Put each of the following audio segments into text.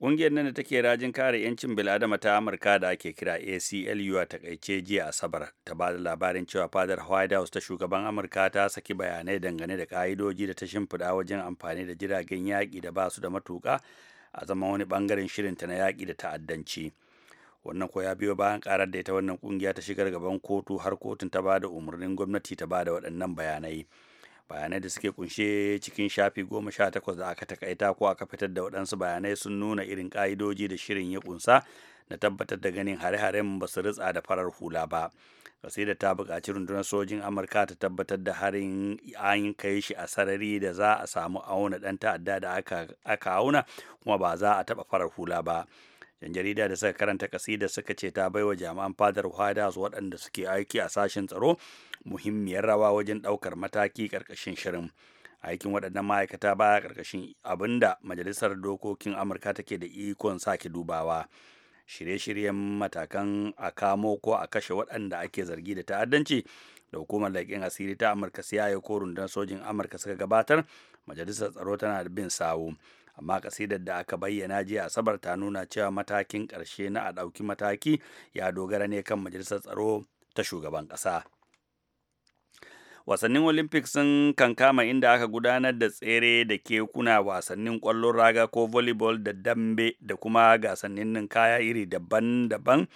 Ƙungiyar nan da take rajin kare 'yancin bil'adama ta Amurka da ake kira ACLU a takaice jiya Asabar ta ba da labarin cewa fadar White House ta shugaban Amurka ta saki bayanai dangane da ka'idoji da ta shimfiɗa wajen amfani da jiragen yaƙi da basu da matuƙa a zama wani ɓangaren shirinta na yaƙi da ta'addanci. Wannan ko ya biyo bayan ƙarar da ita wannan ƙungiya ta shigar gaban kotu har kotun ta ba da umarnin gwamnati ta ba da waɗannan bayanai. bayanai da suke kunshe cikin shafi goma sha takwas da aka takaita ko aka fitar da waɗansu bayanai sun nuna irin ƙa'idoji da shirin ya kunsa na tabbatar da ganin hare-haren ba su ritsa da farar hula ba kasida ta buƙaci rundunar sojin amurka ta tabbatar da harin an kai shi a sarari da za a samu auna ɗan ta'adda da aka auna kuma ba za a taɓa farar hula ba yan jarida da suka karanta kasida suka ce ta baiwa jami'an fadar white waɗanda suke aiki a sashen tsaro muhimmiyar rawa wajen ɗaukar mataki ƙarƙashin shirin aikin waɗannan ma'aikata baya ƙarƙashin da majalisar dokokin amurka take da ikon sake dubawa shirye-shiryen matakan a kamo ko a kashe waɗanda ake zargi da ta'addanci da hukumar laƙin asiri ta amurka siya ko rundunar sojin amurka suka gabatar majalisar tsaro tana da bin sawu amma kasidar da aka bayyana jiya asabar ta nuna cewa matakin ƙarshe na a ɗauki mataki ya dogara ne kan majalisar tsaro ta shugaban ƙasa wasannin olympics sun kan kama inda aka gudanar da tsere da ke kuna wasannin kwallon raga ko volleyball da dambe da kuma gasannin kaya iri daban-daban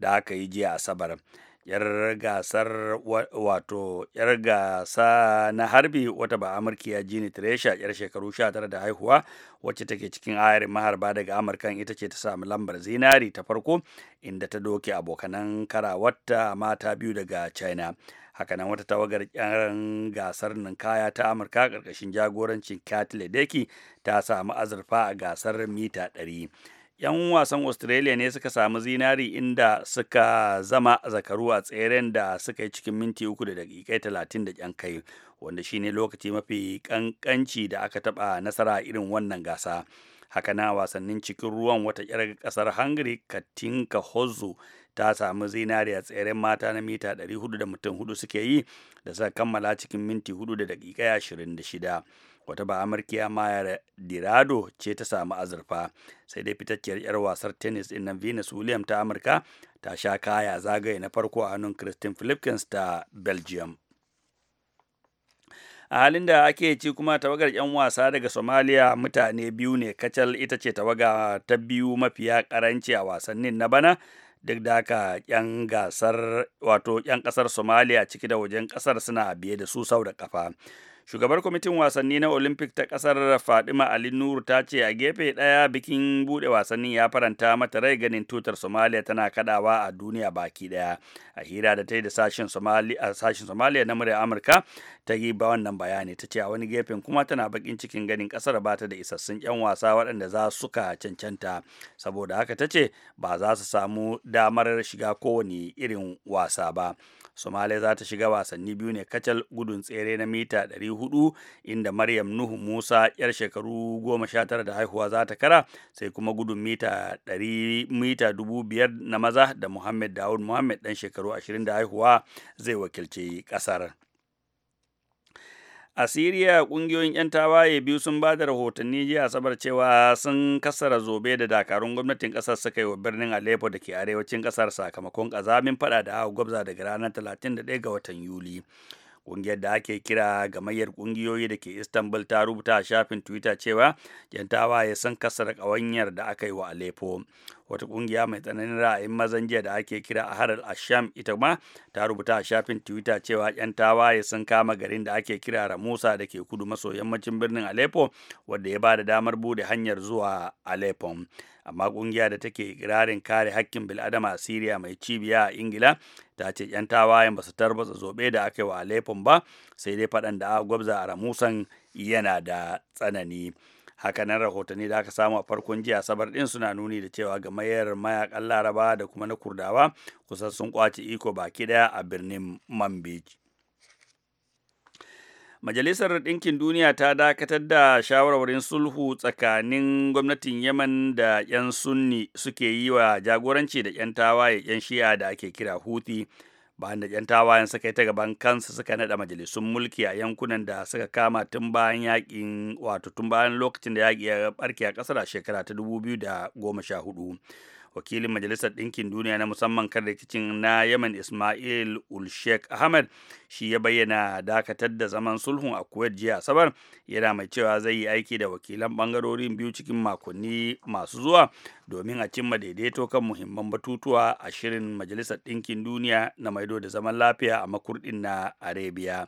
da aka yi jiya asabar. yar gasar wato yar gasa na harbi wata ba amurkiya jini tresha yar shekaru 19 da haihuwa wacce take cikin ayarin maharba daga amurkan ita ce ta samu lambar zinari ta farko inda ta doke abokanan karawarta mata biyu daga china hakanan wata tawagar yan gasar ninkaya ta amurka karkashin jagorancin katle deki ta samu azurfa a gasar mita 100 'yan wasan australia ne suka samu zinari inda suka zama zakaru a tseren da suka yi cikin minti uku da dakikai talatin da ƙyan kai wanda shine lokaci mafi ƙanƙanci da aka taɓa nasara irin wannan gasa haka na wasannin cikin ruwan wata ƙyar ƙasar hungary katinka hozu ta samu zinari a tseren mata na mita 400 da mutum hudu suke yi da suka kammala cikin minti hudu da dakikai 26 wata ba amurkiya maya dirado ce ta samu azurfa sai dai fitacciyar 'yar wasar tennis din nan venus william ta amurka ta sha kaya zagaye na farko a hannun christine philippines ta belgium a halin da ake ci kuma tawagar 'yan wasa daga somalia mutane biyu ne kacal ita ce tawaga ta biyu mafiya karanci a wasannin na bana duk da haka 'yan gasar wato 'yan kasar somalia ciki da wajen kasar suna biye da su sau da kafa shugabar kwamitin wasanni na olympic ta kasar fadima ali nuru ta ce a gefe ɗaya bikin buɗe wasannin ya faranta mata rai ganin tutar somalia tana kadawa a duniya baki ɗaya a hira da ta yi da sashen somalia na murya amurka ta yi ba wannan bayani ta ce a wani gefen kuma tana bakin cikin ganin kasar ba ta da isassun yan wasa waɗanda za su ka cancanta saboda haka ta ce ba za su samu damar shiga kowane irin wasa ba somalia za ta shiga wasanni biyu ne kacal gudun tsere na mita 400 hudu inda Maryam Nuhu Musa yar shekaru goma sha tara da haihuwa za ta kara sai kuma gudun mita ɗari mita dubu biyar na maza da Muhammad Dawud Muhammad dan shekaru ashirin da haihuwa zai wakilci kasar. a siriya kungiyoyin 'yan tawaye biyu sun ba da rahotanni jiya asabar cewa sun kasara zobe da dakarun gwamnatin kasar suka yi wa birnin aleppo da ke arewacin kasar sakamakon kazamin fada da hawa gwabza daga ranar 31 ga watan yuli ƙungiyar da ake kira gamayyar ƙungiyoyi da ke istanbul ta rubuta a shafin twitter cewa 'yan tawaye sun kasar ƙawanyar da aka yi wa aleppo wata kungiya mai tsananin ra'ayin mazan jiya da ake kira a harar asham ita ma ta rubuta a shafin twitter cewa yan tawaye sun kama garin da ake kira ramusa da ke kudu maso yammacin birnin aleppo wadda ya ba da damar bude hanyar zuwa aleppo amma kungiya da take ikirarin kare hakkin bil'adama a Siriya mai cibiya a Ingila ta ce 'yan tawayen ba su tarbatsa zobe da aka yi wa Aleppo ba sai dai faɗan da aka gwabza a Ramusan yana da tsanani. haka hakanan rahotanni da aka samu a farkon jiya sabar din suna nuni da cewa ga mayar mayakan laraba da kuma na kurdawa kusan sun kwace iko baki daya a birnin manbij majalisar ɗinkin duniya ta dakatar da shawarwarin sulhu tsakanin gwamnatin yaman da 'yan sunni suke yi wa jagoranci da 'yan tawaye 'yan shi'a da ake kira huti bayan da yan tawayen suka yi ta gaban kansu suka naɗa majalisun mulki a yankunan da suka kama tun bayan yakin wato tun bayan lokacin da yaƙi ya barke a ƙasar a shekara ta 2014 wakilin majalisar ɗinkin duniya na musamman kan rikicin na yaman ismail ulshek ahmed shi ya bayyana dakatar da zaman sulhun a kuwait jiya asabar yana mai cewa zai yi aiki da wakilan ɓangarorin biyu cikin makonni masu zuwa domin a cimma daidaito kan muhimman batutuwa a shirin majalisar ɗinkin duniya na maido da zaman lafiya a makurɗin na arabia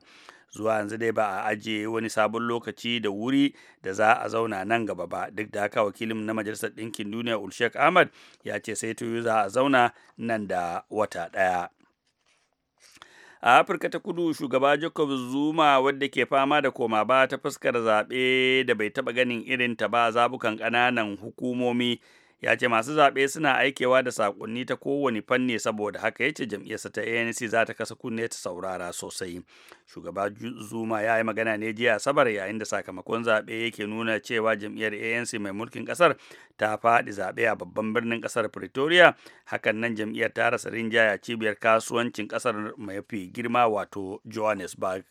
zuwa yanzu dai ba a ajiye wani sabon lokaci da wuri da za a zauna nan gaba ba duk da haka wakilin na majalisar ɗinkin duniya ulshek ahmad ya ce sai tuyu za a zauna nan da wata ɗaya a afirka ta kudu shugaba jacob zuma wadda ke fama da koma ba ta fuskar zaɓe da bai taɓa ganin irin ta ba zabukan ƙananan hukumomi ya ce masu zaɓe suna aikewa da saƙonni ta kowane fanni saboda haka ya ce jam'iyyarsa ta anc za ta kasa kunne ta saurara sosai shugaba zuma ya yi magana ne jiya sabar yayin da sakamakon zaɓe yake nuna cewa jam'iyyar anc mai mulkin ƙasar ta faɗi zaɓe a babban birnin ƙasar pretoria hakan nan jam'iyyar ta rasa rinjaya cibiyar kasuwancin ƙasar mafi girma wato johannesburg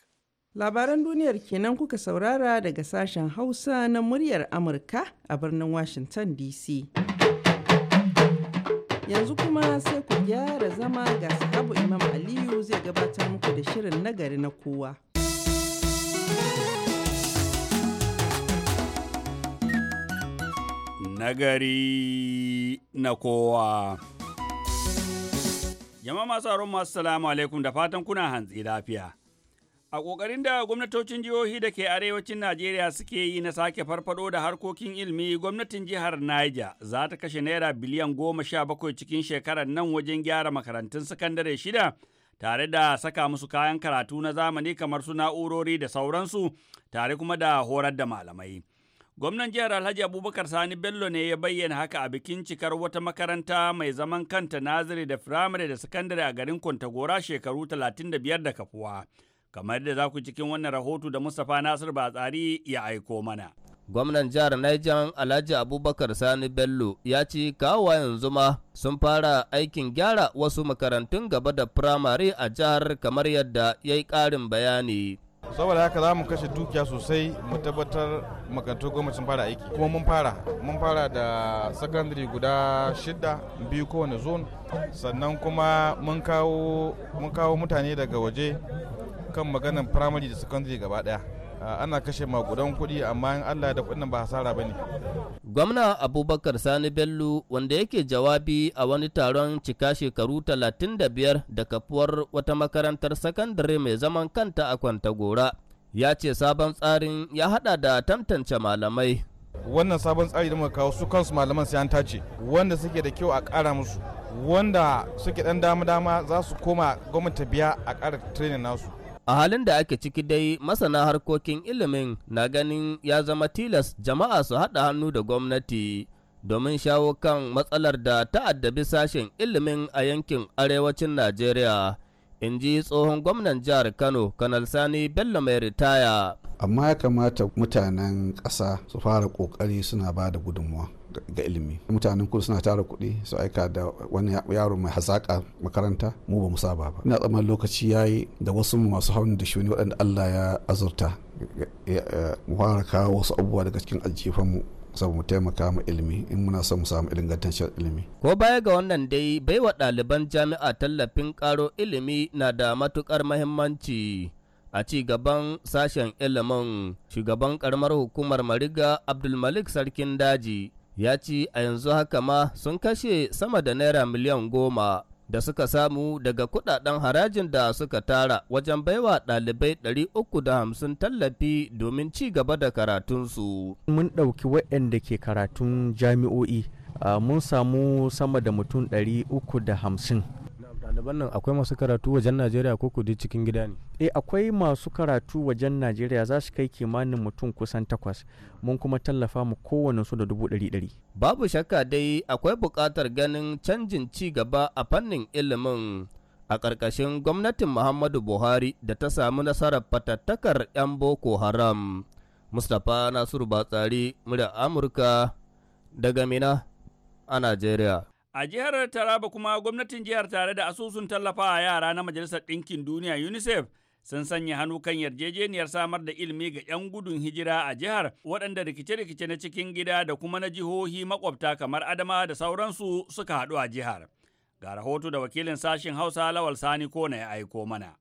Labaran duniyar kenan kuka saurara daga sashen Hausa na muryar Amurka a birnin Washington DC. Yanzu kuma sai ku gyara zama ga sahabu Imam Aliyu zai gabatar muku da shirin nagari na kowa. Nagari na kowa. Jama'a masu masu salamu alaikum da fatan kuna hantsi lafiya. A ƙoƙarin da gwamnatocin jihohi da ke arewacin Najeriya suke yi na sake farfado da harkokin ilimi, gwamnatin jihar Niger za ta kashe naira biliyan goma sha bakwai cikin shekarar nan wajen gyara makarantun sakandare shida, tare da saka musu kayan karatu na zamani kamar su na'urori da sauransu, tare kuma da horar da malamai. Gwamnan jihar Alhaji Abubakar Sani Bello ne ya bayyana haka a bikin cikar wata makaranta mai zaman kanta naziri da firamare da sakandare a garin Kwantagora shekaru 35 da kafuwa. kamar yadda za ku cikin wannan rahoto da Mustapha Nasir Batsari ya aiko mana. Gwamnan jihar Niger Alhaji Abubakar Sani Bello ya ce kawo yanzu ma sun fara aikin gyara wasu makarantun gaba da firamare a jihar kamar yadda ya yi ƙarin bayani. saboda haka za mu kashe dukiya sosai mu tabbatar makarantu goma sun fara aiki kuma mun fara mun fara da secondary guda shida biyu kowane zone sannan kuma mun kawo mutane daga waje kan maganan primary da secondary gaba daya ana kashe magudan kuɗi amma in Allah da kuɗin ba hasara ba ne. Gwamna Abubakar Sani Bello wanda yake jawabi a wani taron cika shekaru 35 da kafuwar wata makarantar sakandare mai zaman kanta a Kwantagora ya ce sabon tsarin ya hada da tantance malamai. Wannan sabon tsari da muka kawo su kansu malaman sai an tace wanda suke da kyau a ƙara musu wanda suke ɗan dama-dama za su koma gwamnati biya a ƙara training nasu. A halin da ake ciki dai masana harkokin ilimin na ganin ya zama tilas jama'a su haɗa hannu da gwamnati domin shawo kan matsalar da ta'addabi sashen ilimin a yankin arewacin Najeriya. In ji tsohon gwamnan jihar Kano, Kanal Sani Bello mai ritaya. Amma ya kamata mutanen ƙasa su fara ƙoƙari suna ba da gudunmuwa. ga ilimi mutanen kudu suna tara kuɗi su aika da wani yaro mai hazaƙa makaranta mu ba mu saba ba ina tsammanin lokaci yayi da wasu masu haunin da shuni waɗanda Allah ya azurta mu fara kawo wasu abubuwa daga cikin aljifan mu saboda mu taimaka mu ilimi in muna son mu samu ingantaccen ilimi. Ko baya ga wannan dai baiwa ɗaliban jami'a tallafin karo ilimi na da matukar mahimmanci. A ci gaban sashen ilimin shugaban karamar hukumar Mariga Abdulmalik Sarkin Daji ya ce a yanzu haka ma sun kashe sama da naira miliyan goma da suka samu daga kudaden harajin da suka tara wajen baiwa ɗalibai 350 tallafi domin ci gaba da karatunsu. Mun ɗauki waɗanda ke karatun jami'o'i ah, mun samu sama da mutum 350 daban nan akwai masu karatu wajen najeriya ko kudi cikin gida ne eh akwai masu karatu wajen najeriya za su kai kimanin mutum kusan takwas mun kuma tallafa mu kowane su da dubu ɗari ɗari babu shakka dai akwai buƙatar ganin canjin ci gaba a fannin ilimin a ƙarƙashin gwamnatin muhammadu buhari da ta samu nasarar fatattakar 'yan boko haram mustapha nasiru batsari murya amurka daga mina a najeriya A jihar Taraba kuma gwamnatin jihar tare da asusun tallafa a yara na Majalisar Ɗinkin Duniya UNICEF sun sanya hannu kan yarjejeniyar samar da ilimi ga 'yan gudun hijira a jihar waɗanda rikice-rikice na cikin gida da kuma na jihohi makwabta kamar Adama da sauransu suka haɗu a jihar. Ga rahoto da wakilin sashen Hausa Lawal Sani ko na ya aiko mana.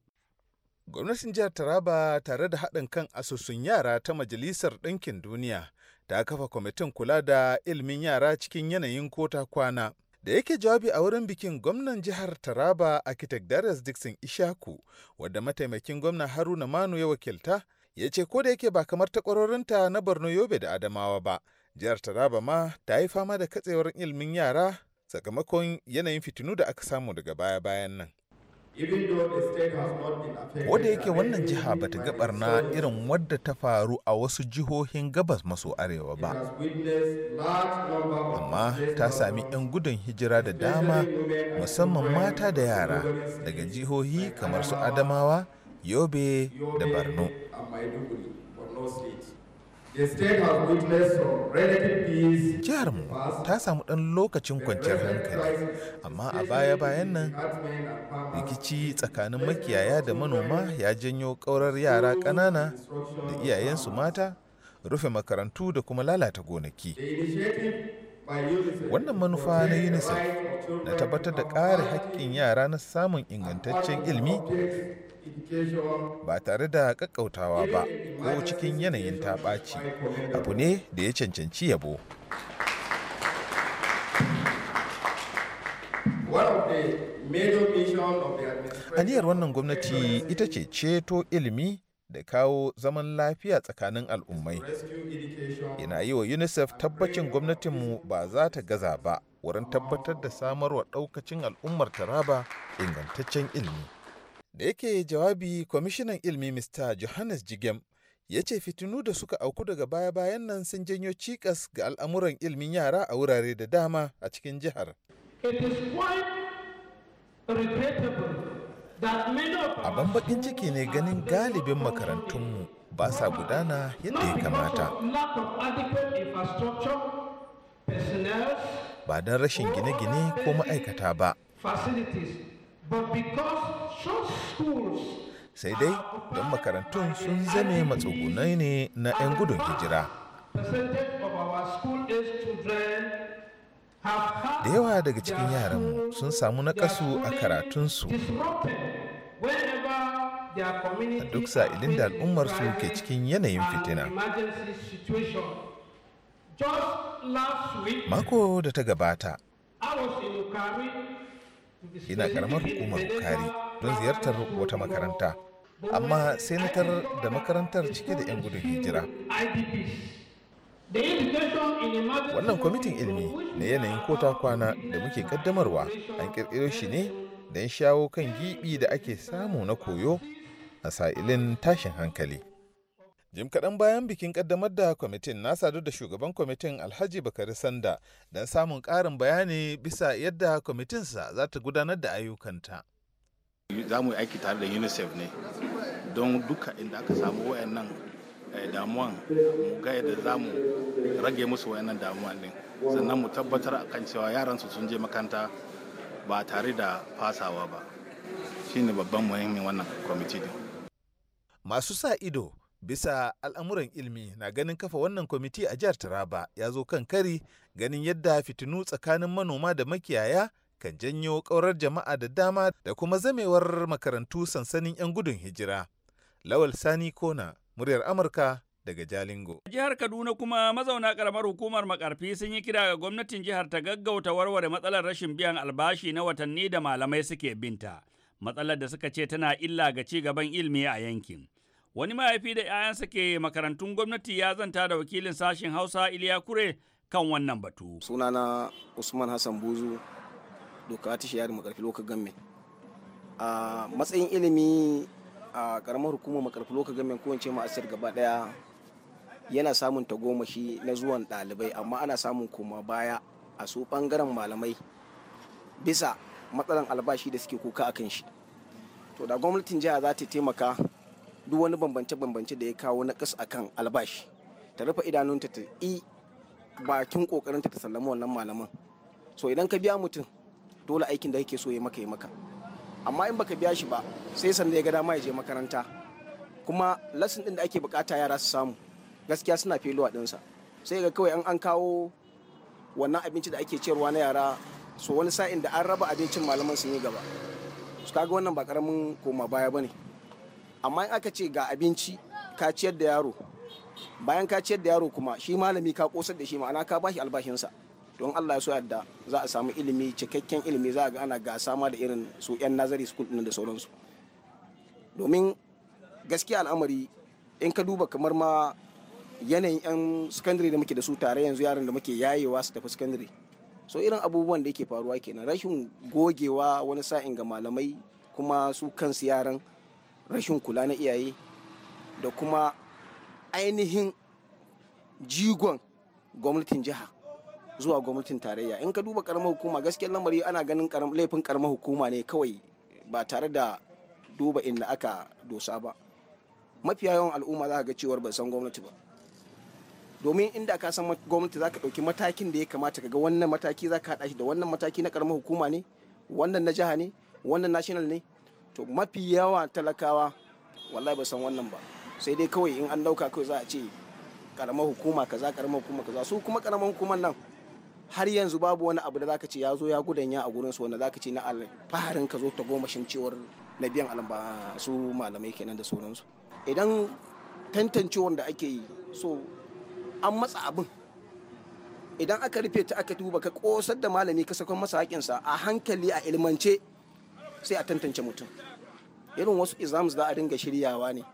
Gwamnatin jihar Taraba tare da haɗin kan asusun yara ta Majalisar Ɗinkin Duniya ta kafa kwamitin kula da ilimin yara cikin yanayin kota kwana. Da yake jawabi a wurin bikin gwamnan jihar Taraba Architect Darius Dixon Ishaku wadda mataimakin gwamna Haruna Manu ya wakilta ya ce ko da yake ba kamar ta takwarorinta na Borno Yobe da Adamawa ba, jihar Taraba ma ta yi fama da katsewar ilimin yara sakamakon yanayin fitinu da aka samu daga baya-bayan nan. Koda yake wannan jiha bata ga barna irin wadda ta faru a wasu jihohin gabas maso arewa ba, amma ta sami 'yan gudun hijira da dama musamman mata da yara daga jihohi kamar su Adamawa, Yobe da barno. Jihar mu ta samu ɗan lokacin kwanciyar hankali, amma a baya-bayan nan rikici tsakanin makiyaya da manoma ya janyo ƙaurar yara ƙanana da iyayensu mata, rufe makarantu da kuma lalata gonaki. Wannan manufa na UNICEF na tabbatar da ƙare haƙƙin yara na samun ingantaccen ilimi ba tare da kakkautawa ba ko cikin yanayin taɓaci abu ne da ya cancanci yabo aniyar wannan gwamnati ita ce ceto ilimi da kawo zaman lafiya tsakanin al'ummai ina yi wa unicef tabbacin gwamnatinmu ba za ta gaza ba wurin tabbatar da samarwa ɗaukacin al'ummar taraba ingantaccen ilimi Da yake jawabi Kwamishinan ilmi Mr. Johannes jigem ya ce fitinu da suka auku daga baya-bayan nan sun janyo cikas ga al'amuran ilmin yara a wurare da dama a cikin jihar. a bakin ciki ne ganin galibin makarantunmu ba sa gudana yadda ya kamata. Ba don rashin gine-gine ko ma'aikata ba. sai dai don makarantun sun zame matsugunai ne na 'yan gudun hijira da yawa daga cikin yaranmu sun samu nakasu a karatunsu a duk sa'ilin da al'ummarsu ke cikin yanayin fitina mako da ta gabata ina karamar hukumar bukari don ziyartar wata makaranta amma sai na da makarantar cike da 'yan gudun hijira wannan kwamitin ilimi na yanayin kota kwana da muke kaddamarwa an kirkiro shi ne don shawo kan gibi da ake samu na koyo a sa'ilin tashin hankali jim kaɗan bayan bikin ƙaddamar da kwamitin na sadu da shugaban kwamitin alhaji bakari sanda don samun ƙarin bayani bisa yadda kwamitinsa za ta gudanar da ayyukanta za mu yi aiki tare da unicef ne don duka inda aka samu wayannan eh, damuwan mu gaya da za mu rage musu wayannan damuwan ne sannan mu tabbatar a kan cewa yaran su sun je makanta ba tare da fasawa ba shine babban muhimmin wannan kwamiti masu sa ido bisa al'amuran ilmi na ganin kafa wannan kwamiti a jihar Taraba ya zo kan kari ganin yadda fitinu tsakanin manoma da makiyaya kan janyo kaurar jama'a da dama da kuma zamewar makarantu sansanin 'yan gudun hijira. Lawal Sani Kona, muryar Amurka daga Jalingo. Jihar Kaduna kuma mazauna karamar hukumar makarfi sun yi kira ga gwamnatin jihar ta gaggauta warware matsalar rashin biyan albashi na watanni da malamai suke binta. Matsalar da suka ce tana illa ga ci gaban ilimi a yankin. Wani mahaifi da ‘ya'yansa ke makarantun gwamnati ya zanta da wakilin sashen Hausa Iliya Kure kan wannan batu. Sunana Usman Hassan Buzu, doka ta shiyar makarfi lokacin gamme. A matsayin ilimi a karamar hukumar makarfi lokacin gamme ko wance gaba daya yana samun tagomashi na zuwan ɗalibai amma ana samun koma baya a su bangaren malamai bisa matsalan albashi da suke kuka a kan shi to da gwamnatin jiha za ta taimaka duk wani bambance-bambance da ya kawo na kas akan albashi ta rufe idanunta ta i bakin kokarinta ta sallama wannan malaman so idan ka biya mutum dole aikin da kake so ya maka ya maka amma in baka biya shi ba sai sanda ya ga dama ya je makaranta kuma lesson din da ake bukata yara su samu gaskiya suna din dinsa sai ga kawai an an kawo wannan abinci da ake ciyarwa na yara so wani sa'in da an raba abincin malaman sun yi gaba su kaga wannan ba karamin koma baya bane amma in aka ce ga abinci ka ciyar da yaro bayan ka ciyar da yaro kuma shi malami ka kosar da shi ma'ana ka bashi albashinsa don Allah ya so yadda za a samu ilimi cikakken ilimi za a ga ana gasa ma da irin su yan nazari school din da sauransu domin gaskiya al'amari in ka duba kamar ma yanayin yan secondary da muke da su tare yanzu yaran da muke yayewa su tafi secondary so irin abubuwan da yake faruwa kenan rashin gogewa wani sa'in ga malamai kuma su kansu yaran rashin kula na iyaye da kuma ainihin jigon gwamnatin jiha zuwa gwamnatin tarayya in ka duba karamar hukuma gaskiyar lamari ana ganin laifin karamar hukuma ne kawai ba tare da duba inda aka dosa ba mafi yawan al'umma za ka ga cewar ban san gwamnati ba domin inda ka san gwamnati za ka ɗauki matakin da ya kamata ka ga wannan mataki za ka haɗa shi da wannan mataki na karamar hukuma ne wannan na jiha ne wannan national ne to mafi yawa talakawa wallahi ba san wannan ba sai dai kawai in an dauka kawai za a ce karamar hukuma kaza karamar hukuma kaza su kuma karamar hukumar nan har yanzu babu wani abu da zaka ce ya zo ya gudanya a gurin su wanda zaka ce na alfaharin ka zo ta shin cewar na biyan alamba su malamai kenan da sauransu idan tantancewar da ake yi so an matsa abin idan aka rufe ta aka duba ka kosar da malami ka sakon masa hakinsa a hankali a ilmance sai a tantance mutum irin wasu exams za a dinga shiryawa ne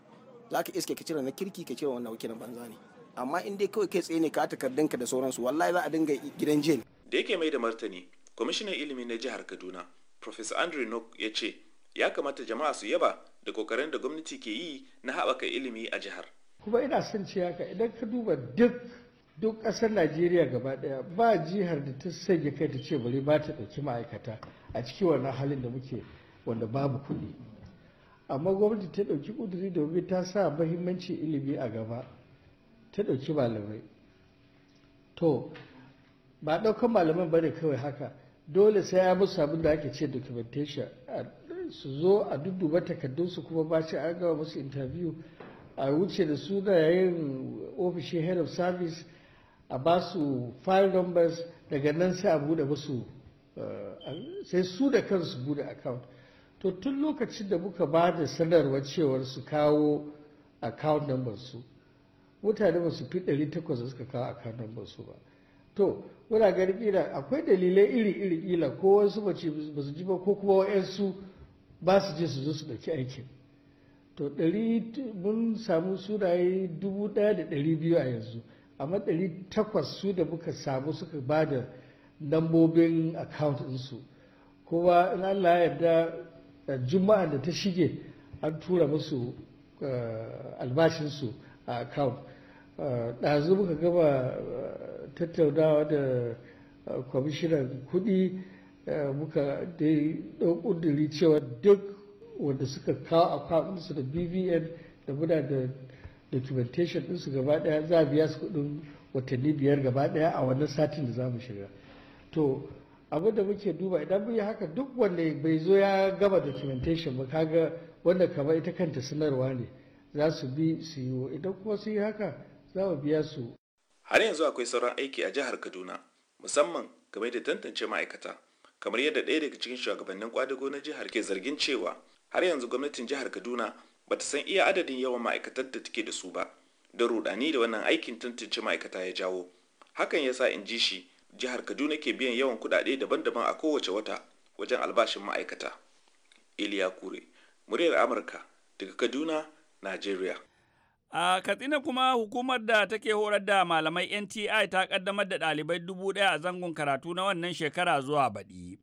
za ka iske ka cire na kirki ka cire wannan wakilin banza ne amma in dai kawai kai tsaye ne ka takardunka da sauransu wallahi za a dinga gidan jin da yake mai da martani kwamishinan ilimi na jihar kaduna professor andrew nok ya ce ya kamata jama'a su yaba da kokarin da gwamnati ke yi na haɓaka ilimi a jihar kuma ina son ce haka idan ka duba duk duk ƙasar najeriya gaba ɗaya ba jihar da ta sanya kai ta ce bari ba ta ɗauki ma'aikata a ciki wannan halin da muke wanda babu kuɗi amma gwamnati ta ɗauki ƙuduri domin ta sa mahimmancin ilimi a gaba ta ɗauki malamai to ba ɗaukan malaman ba ne kawai haka dole sai ya musu abin da ake ce documentation su zo a dudduba takardunsu kuma ba shi an gama musu interview a wuce da su da yayin ofishin head of service a ba su file numbers daga nan sai a buɗe musu sai su da kansu bude account to tun lokacin da muka ba da sanarwar cewar su kawo account number su mutane ba su fi 800 da suka kawo account number su ba to muna ganin kila akwai dalilai iri iri kila ko wasu bace ba su ji ba ko kuma wa'yansu ba su je su zo su ɗauki aikin to ɗari mun samu sunaye dubu ɗaya da ɗari biyu a yanzu amma ɗari takwas su da muka samu suka ba da lambobin account ɗinsu kuma in allah ya yarda juma'a da ta shige an tura musu eh, albashinsu a account eh, ɗazu muka gama eh, tattaunawa da kwamishinan kuɗi muka dai ɗan cewa duk wanda suka kawo account ɗinsu da bvn da muna da documentation ɗinsu gaba ɗaya za biya su kuɗin watanni biyar gaba ɗaya a wannan satin da za mu shiga to abu da muke duba idan mun yi haka duk wanda bai zo ya gama documentation ba kaga wanda kamar ita kanta sanarwa ne za su bi su yi idan kuma su yi haka za mu biya su har yanzu akwai sauran aiki a jihar kaduna musamman game da tantance ma'aikata kamar yadda ɗaya daga cikin shugabannin kwadago na jihar ke zargin cewa har yanzu gwamnatin jihar kaduna bata san iya adadin yawan ma'aikatar da take da su ba don rudani da wannan aikin tantance ma'aikata ya jawo hakan yasa in ji shi jihar kaduna ke biyan yawan kudade daban-daban a kowace wata wajen albashin ma'aikata iliya kure muryar amurka daga kaduna nigeria a katsina kuma hukumar da take horar da malamai nti ta kaddamar da dalibai dubu daya a zangon karatu na wannan shekara zuwa baɗi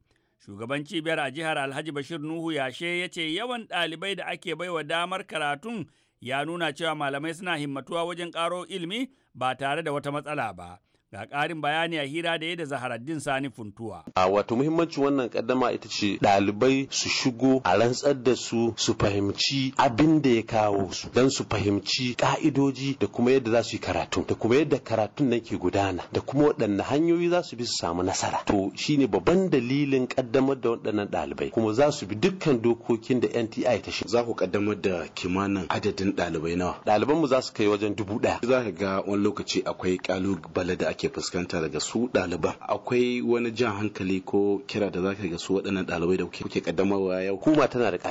shugaban cibiyar a jihar alhaji bashir nuhu yashe ya ce yawan dalibai da ake baiwa damar karatun ya nuna cewa malamai suna himmatuwa wajen karo ilimi ba tare da wata matsala ba Ga ƙarin bayani a hira da yadda Zaharaddin Sani Funtuwa. A wato muhimmancin wannan kaddama ita ce ɗalibai su shigo a rantsar da su su fahimci abin da ya kawo su don su fahimci ka'idoji da kuma yadda za su yi karatu da kuma yadda karatun nan ke gudana da kuma waɗanne hanyoyi za su bi su samu nasara. To shine babban dalilin kaddamar da waɗannan ɗalibai kuma za su bi dukkan dokokin da NTI ta shi. Za ku kaddamar da kimanin adadin ɗalibai nawa? mu za su kai wajen dubu ɗaya. Za ka ga wani lokaci akwai ƙalubale da ake ake fuskanta daga su ɗaliban akwai wani jan hankali ko kira da zaka ga su waɗannan ɗalibai da kuke kaddamarwa yau kuma tana da ta.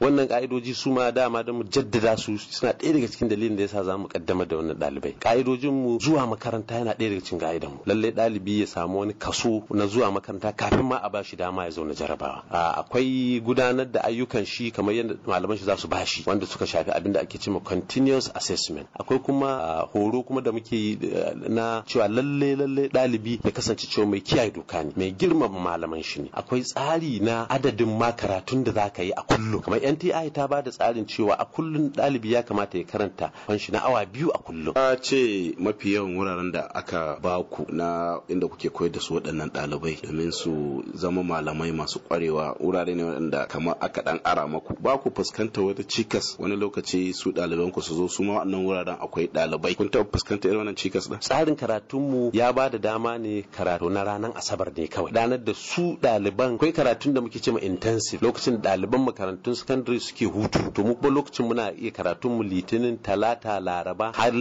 wannan ka'idoji su ma dama da mu jaddada su suna ɗaya daga cikin dalilin da yasa zamu kaddamar da wannan ɗalibai ka'idojin mu zuwa makaranta yana ɗaya daga cikin ka'idan mu lallai ɗalibi ya samu wani kaso na zuwa makaranta kafin ma a bashi dama ya zauna jarabawa akwai gudanar da ayyukan shi kamar yadda malaman shi za su bashi wanda suka shafi abin da ake cewa continuous assessment akwai kuma horo kuma da muke eh, na cewa lallai lalle lalle ɗalibi ya kasance cewa mai kiyaye doka ne mai girmama malaman shi ne akwai tsari na adadin ma karatun da zaka yi a kullum kamar NTI ta bada tsarin cewa a kullum ɗalibi ya kamata ya karanta fanshi na awa biyu a kullum a ce mafi yawan wuraren da aka baku na inda kuke koyar da su waɗannan ɗalibai domin su zama malamai masu ƙwarewa wurare ne waɗanda kamar aka ɗan ara maku ba ku fuskanta wata cikas wani lokaci su ɗaliban ku su zo su ma waɗannan wuraren akwai ɗalibai kun taɓa fuskanta irin wannan cikas ɗin tsarin karatunmu ya ba da dama ne karatu na ranar asabar ne kawai ranar da su ɗaliban kai karatun da muke cewa intensive lokacin da ɗaliban makarantun secondary suke hutu to mu kuma lokacin muna iya karatun mu litinin talata laraba har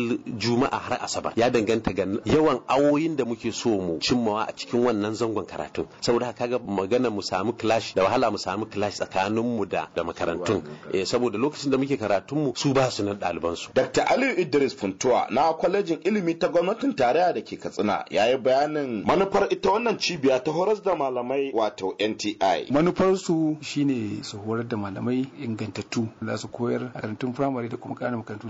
juma'a har asabar ya danganta ga yawan awoyin da muke so mu cimmawa a cikin wannan zangon karatun saboda haka ga magana mu samu clash da wahala mu samu clash tsakanin mu da da makarantun eh saboda lokacin da muke karatun mu su ba su nan ɗaliban su Dr. Aliyu Idris Funtuwa na kwalejin ilimi ta gwamnatin tarayya da ke katsina ya yi bayanin manufar ita wannan cibiya ta horas da malamai wato nti manufarsu shine su horar da malamai ingantattu za su koyar a karantun firamare da kuma karanta makarantu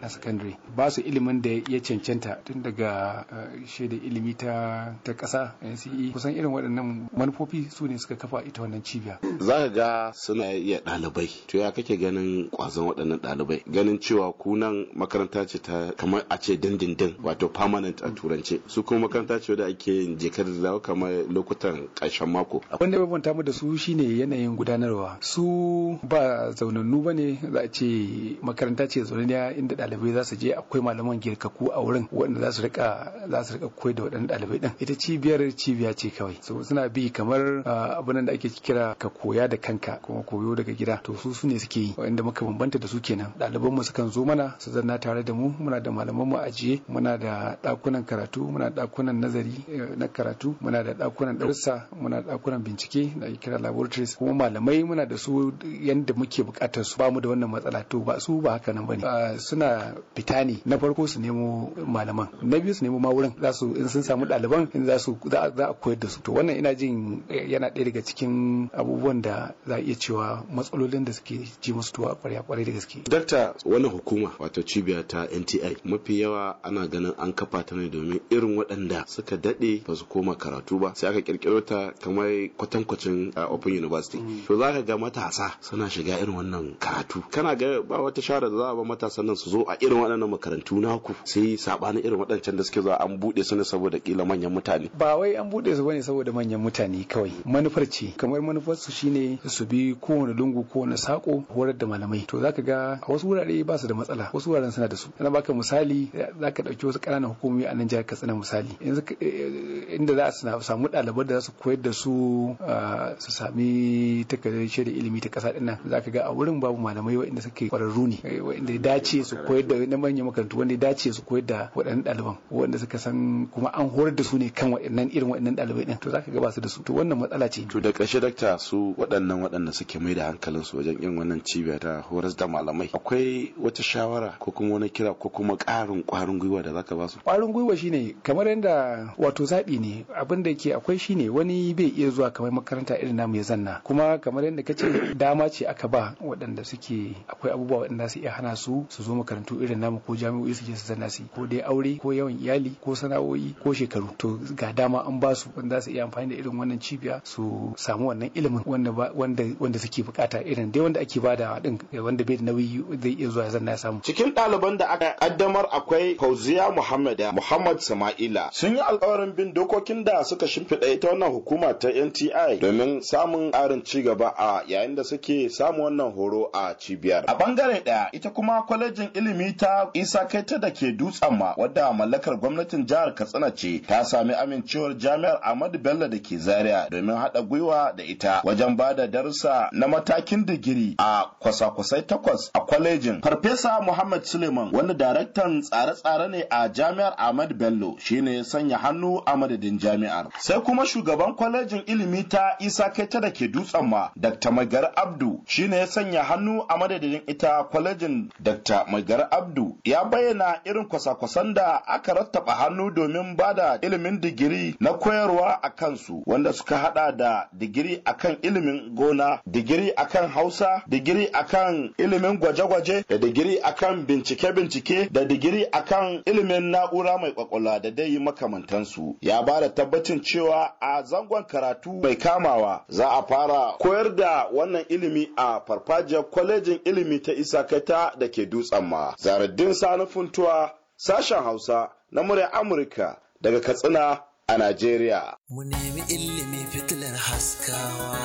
na sakandare ba su ilimin da ya cancanta tun daga eh, shaidar ilimi ta ƙasa nce kusan irin waɗannan manufofi su ne suka kafa ita wannan cibiya za ka ga suna iya ɗalibai to ya kake ganin ƙwazon waɗannan ɗalibai ganin cewa kunan makaranta ce ta kamar a ce dindindin wato permanent a turance su kuma makaranta ce da ake yin jikar da kamar lokutan ƙarshen mako abin da banta mu da su shine yanayin gudanarwa su ba zaunannu bane za a ce makaranta ce zaunaniya inda ɗalibai za su je akwai malaman girkaku a wurin waɗanda za su rika za su rika koyar da waɗannan ɗalibai din ita cibiyar cibiya ce kawai so suna bi kamar ah, abin da ake kira ka koya da kanka kuma koyo daga gida to su su ne suke yi wanda muka bambanta da su kenan ɗaliban mu sukan zo mana su zanna tare da mu muna da malaman mu ajiye muna da ɗakuna ɗakunan karatu muna da ɗakunan nazari eh, na karatu muna da ɗakunan darussa muna da ɗakunan bincike da kira laboratories kuma malamai muna da su yanda muke buƙatar su ba mu da wannan matsala to ba su ba haka nan bane ah, suna fita ne na farko su nemo malaman na biyu su nemo ma wurin za su in sun samu ɗaliban in za su za a koyar da su to wannan ina jin eh, yana ɗaya daga cikin abubuwan da za a iya cewa matsalolin da suke ji musu tuwa a kwarai da gaske. Dakta wani hukuma wato cibiya ta NTI mafi yawa ana ganin an kafa ta ne ne domin irin waɗanda suka daɗe ba su koma karatu ba sai aka kirkiro ta kamar kwatankwacin a open university mm. to za ka ga matasa suna shiga irin wannan karatu kana ga ba wata shara da za a ba matasan nan su zo a irin waɗannan makarantu na naku sai sabanin irin waɗancan da suke zuwa an buɗe su ne saboda kila manyan mutane ba wai an buɗe su bane saboda manyan mutane kawai manufar ce kamar manufar su shine su bi kowane lungu kowane sako horar da malamai to zaka ga a wasu wurare ba su da matsala wasu wuraren suna da su ana baka misali zaka dauki wasu ƙananan hukumomi nan jihar katsina misali eh, inda za a samu ɗaliban da za su koyar da su ah, su sami takardar shaidar ilimi ta ƙasa ɗinnan za ka ga a wurin babu malamai waɗanda suke ƙwararru ne eh, waɗanda ya dace su koyar da na manyan makarantu wanda ya dace su koyar da waɗannan ɗaliban waɗanda suka san kuma an horar da su ne kan waɗannan irin waɗannan ɗalibai ɗin to za ka ga ba su da su to wannan matsala ce. to da ƙarshe dakta su waɗannan waɗanda suke mai da su wajen yin wannan cibiya ta horas da malamai akwai wata shawara ko kuma wani kira ko kuma ƙarin ƙwarin gwiwa da za ka ba su. ƙwarin gwiwa duba shine kamar yadda wato zaɓi ne abin da ke akwai shine wani bai iya zuwa kamar makaranta irin namu ya zanna kuma kamar yadda ka ce dama ce aka ba waɗanda suke akwai abubuwa waɗanda su iya hana su su zo makarantu irin namu ko jami'o'i su je su zanna su ko dai aure ko yawan iyali ko sana'o'i ko shekaru to ga dama an ba su wanda su iya amfani da irin wannan cibiya su samu wannan ilimin wanda wanda wanda suke bukata irin dai wanda ake bada din wanda bai da nauyi zai iya zuwa ya zanna ya samu cikin ɗaliban da aka kaddamar akwai Fauziya Muhammad Muhammad Muhammad Sama'ila sun yi alkawarin bin dokokin da suka shimfiɗa ita wannan hukuma ta NTI domin samun ƙarin ci gaba a yayin da suke samun wannan horo a cibiyar. A bangare ɗaya ita kuma kwalejin ilimi ta Isa Kaita da ke dutsen ma wadda mallakar gwamnatin jihar Katsina ce ta sami amincewar jami'ar Ahmadu Bello da ke Zaria domin haɗa gwiwa da ita wajen ba da darussa na matakin digiri a kwasa-kwasai takwas a kwalejin. Farfesa Muhammad Suleiman wani daraktan tsare-tsare ne a jami'ar Ahmadu Ahmad Bello shine sanya hannu a madadin jami'ar. Sai kuma shugaban kwalejin ilimi ta Isa Keta da ke dutsen ma Dr. Magar Abdu shine sanya hannu a madadin ita kwalejin Dr. Magar Abdu ya bayyana irin kwasa-kwasan da aka rattaba hannu domin ba da ilimin digiri na koyarwa a kansu wanda suka hada da digiri akan ilimin gona, digiri akan Hausa, digiri akan ilimin gwaje-gwaje da digiri akan bincike-bincike da digiri akan ilimin na'ura mai mai kwakwalwa da dai makamantansu ya ba da tabbacin cewa a zangon karatu mai kamawa za a fara koyar da wannan ilimi a farfajiyar kwalejin ilimi ta isakata da ke dutsen ma zaradin funtuwa sashen hausa na murya amurka daga katsina a najeriya mu nemi ilimi fitilar haskawa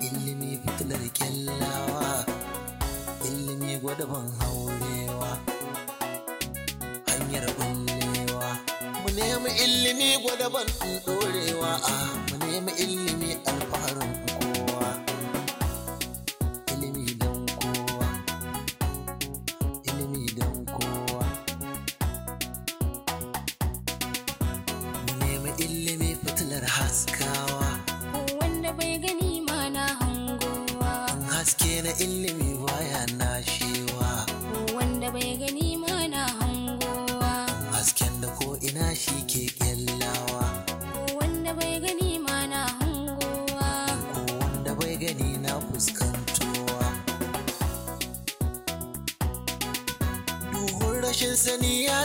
ilimi fitilar kyallawa ilimi gwada ban hau. mu nemi ilimi gwada ban ɗorewa a ah, mu nemi ilimi alfahari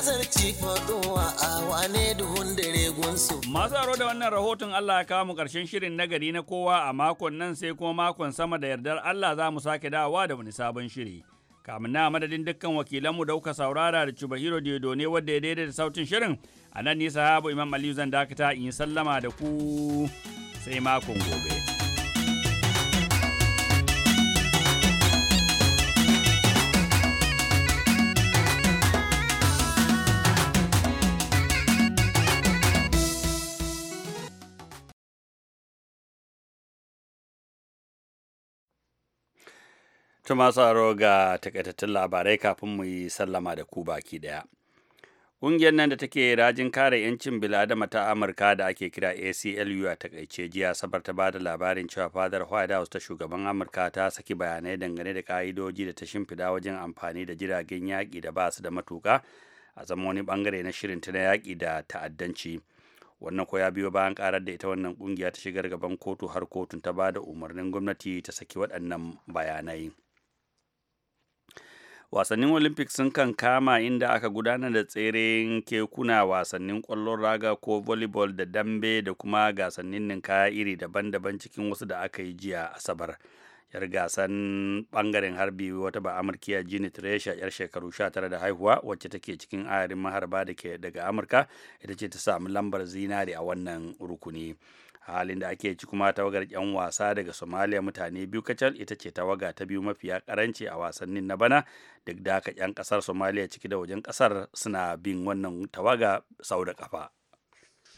zarci a wane duhun dare gunsu. Masu aro da wannan rahoton Allah ya kawo mu ƙarshen shirin nagari na kowa a makon nan sai kuma makon sama da yardar Allah za mu sake dawowa da wani sabon shiri. kamin na madadin dukkan wakilanmu da kuka saurara da cuba, Hero Diodo ne wadda ya daidaita sautin shirin a nan nisa habu Imam Aliyu zan dakata in yi sallama da ku sai makon gobe. Tuma tsaro ga takaitattun labarai kafin mu yi sallama da ku baki daya Ƙungiyar nan da take rajin kare 'yancin biladama ta Amurka da ake kira ACLU a takaice jiya sabar ta bada labarin cewa fadar White House ta shugaban Amurka ta saki bayanai dangane da ka'idoji da ta shimfida wajen amfani da jiragen yaƙi da ba su da matuƙa a zama wani bangare na shirin ta na yaƙi da ta'addanci. Wannan ko ya biyo bayan karar da ita wannan ƙungiya ta shigar gaban kotu har kotun ta bada umarnin gwamnati ta saki waɗannan bayanai. wasannin olympics sun kan kama inda aka gudanar da tseren kekuna wasannin kwallon raga ko volleyball da dambe da kuma gasannin ninkaya iri daban-daban cikin wasu da aka yi jiya asabar yar gasan bangaren harbi wata ba amurkiya jini tresha yar shekaru 19 da haihuwa wacce take cikin ayarin maharba da ke daga amurka ita ce ta samu lambar zinari a wannan rukuni halin da ake ci kuma tawagar 'yan wasa daga somalia mutane biyu kacal ita ce tawaga ta biyu mafiya karanci a wasannin na bana duk da haka 'yan kasar somalia ciki da wajen kasar suna bin wannan tawaga sau da kafa